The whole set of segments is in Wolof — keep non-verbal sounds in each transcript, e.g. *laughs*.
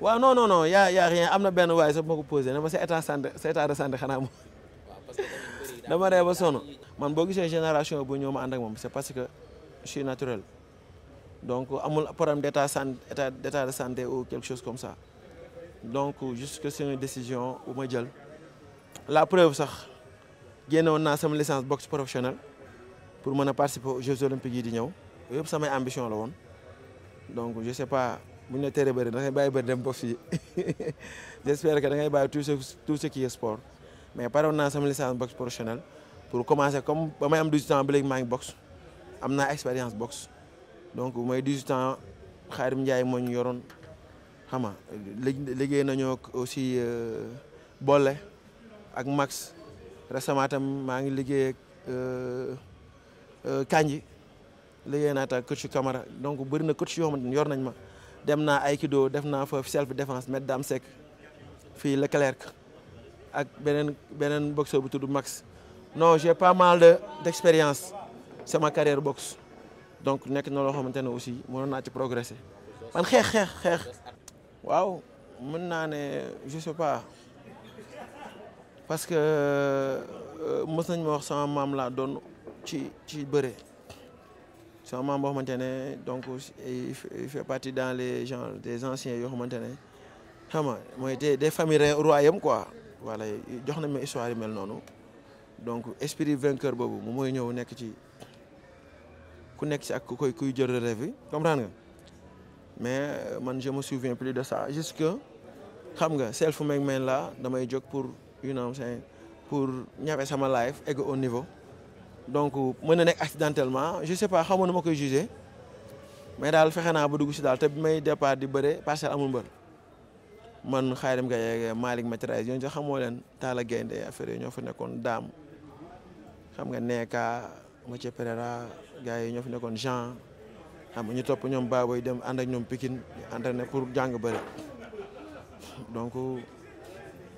waaw non no non yaa yaa am na benn waaye sax ma ko posé na ma sa état santé sa état de santé xanaa moom dama dee ba sonn man boo gisee génération bu ñëw ma ànd moom c'est parce que je naturel donc amul problème d'état santé état d'état de santé ou quelque chose comme ça donc jusque c'est une décision bu ma jël la preuve sax génnoon naa sama licence boxe professionnelle pour mën a participer aux Jeux olympiques yi di ñëw yëpp samay ambition la woon donc je sais pas bu ñu la teree bëri da ngay bàyyi bëri dem ba fii *laughs* j' espère que da ngay bàyyi tout ce tout ce sport mais pare woon naa sama licence boxe professionnelle pour commencer comme ba may am 18 ans ba léegi maa ngi boxe am naa expérience boxe donc bu may 18 ans Xaarim Ndiaye moo ñu yoroon xam nga liggéey nañoo aussi euh, Bolle ak Max récemment maa ngi liggéey ak euh, euh, Kanji liggéey naa ta coach Camara donc bëri na coach yoo xamante yor nañ ma. dem naa aikido def naa foofu self défense maître Dame Seck fii Leclerc ak beneen beneen boxeur bu tudd Max non j'ai pas mal de d'expérience sama carrière box donc nekk na loo xamante ne aussi mënoon naa ci progresser man xeex xeex waaw mën naa ne je sais pas parce que euh, mës nañ moo wax sama maam laa doon ci ci bëre c'est un boo xamante ne donc il fait partie dans les gens des anciens yoo xamante ne xam nga mooy des des familles royaume quoi voilà jox na ma histoire yi mel noonu donc esprit vainqueur boobu moom mooy ñëw nekk ci ku nekk ci ak ku koy kuy jël relève bi comprendre nga mais euh, man je me souviens plus de ça que xam nga self-made man la damay jóg pour you know pour ñafe sama life egg au niveau. donc mën na nekk accidentellement je sais pas xamoon na ma koy jugé mais daal fexe naa ba dugg si daal te bi may départ di bëre parcelle amul mbër man Xaadim Gaye Malick Matraise ñooñu sax xamoo leen taal Gaynde affaire yi ñoo fa nekkoon daam xam nga Neka Mathieu Pereira gars yi ñoo fi nekkoon Jean xam nga ñu topp ñoom Baboy dem ànd ak ñoom Pikine entraîné pour jàng bëre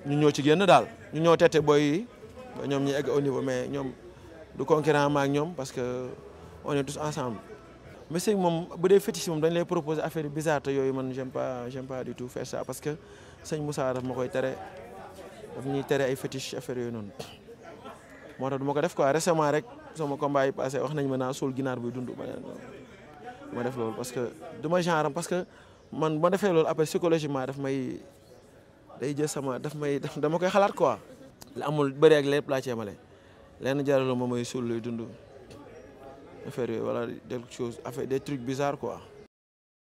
ñu ñoo ci génn daal ñu ñoom ñu egg au niveau mais du concurrent ma ak ñoom parce que on est tous ensemble mais moom bu dee fétiche moom dañ lay proposer affaire yu bizarre yooyu man j'aime pas j'aime pas du tout que sëñ Moussa daf ma koy tere daf ñuy tere ay fétiche affaire yooyu noonu moo tax du ma ko def quoi récemment rek ma combat yi passé wax nañ ma naa suul ginaar buy dund ma ne def loolu parce que du ma genre parce que man ma defee loolu après psychologiquement daf may day jël sama daf may dama koy xalaat quoi. amul bëri ak lépp laa ceemale lenn jaraloo ma mooy suul luy dund affaire yooyu wala des choses affaire des trucs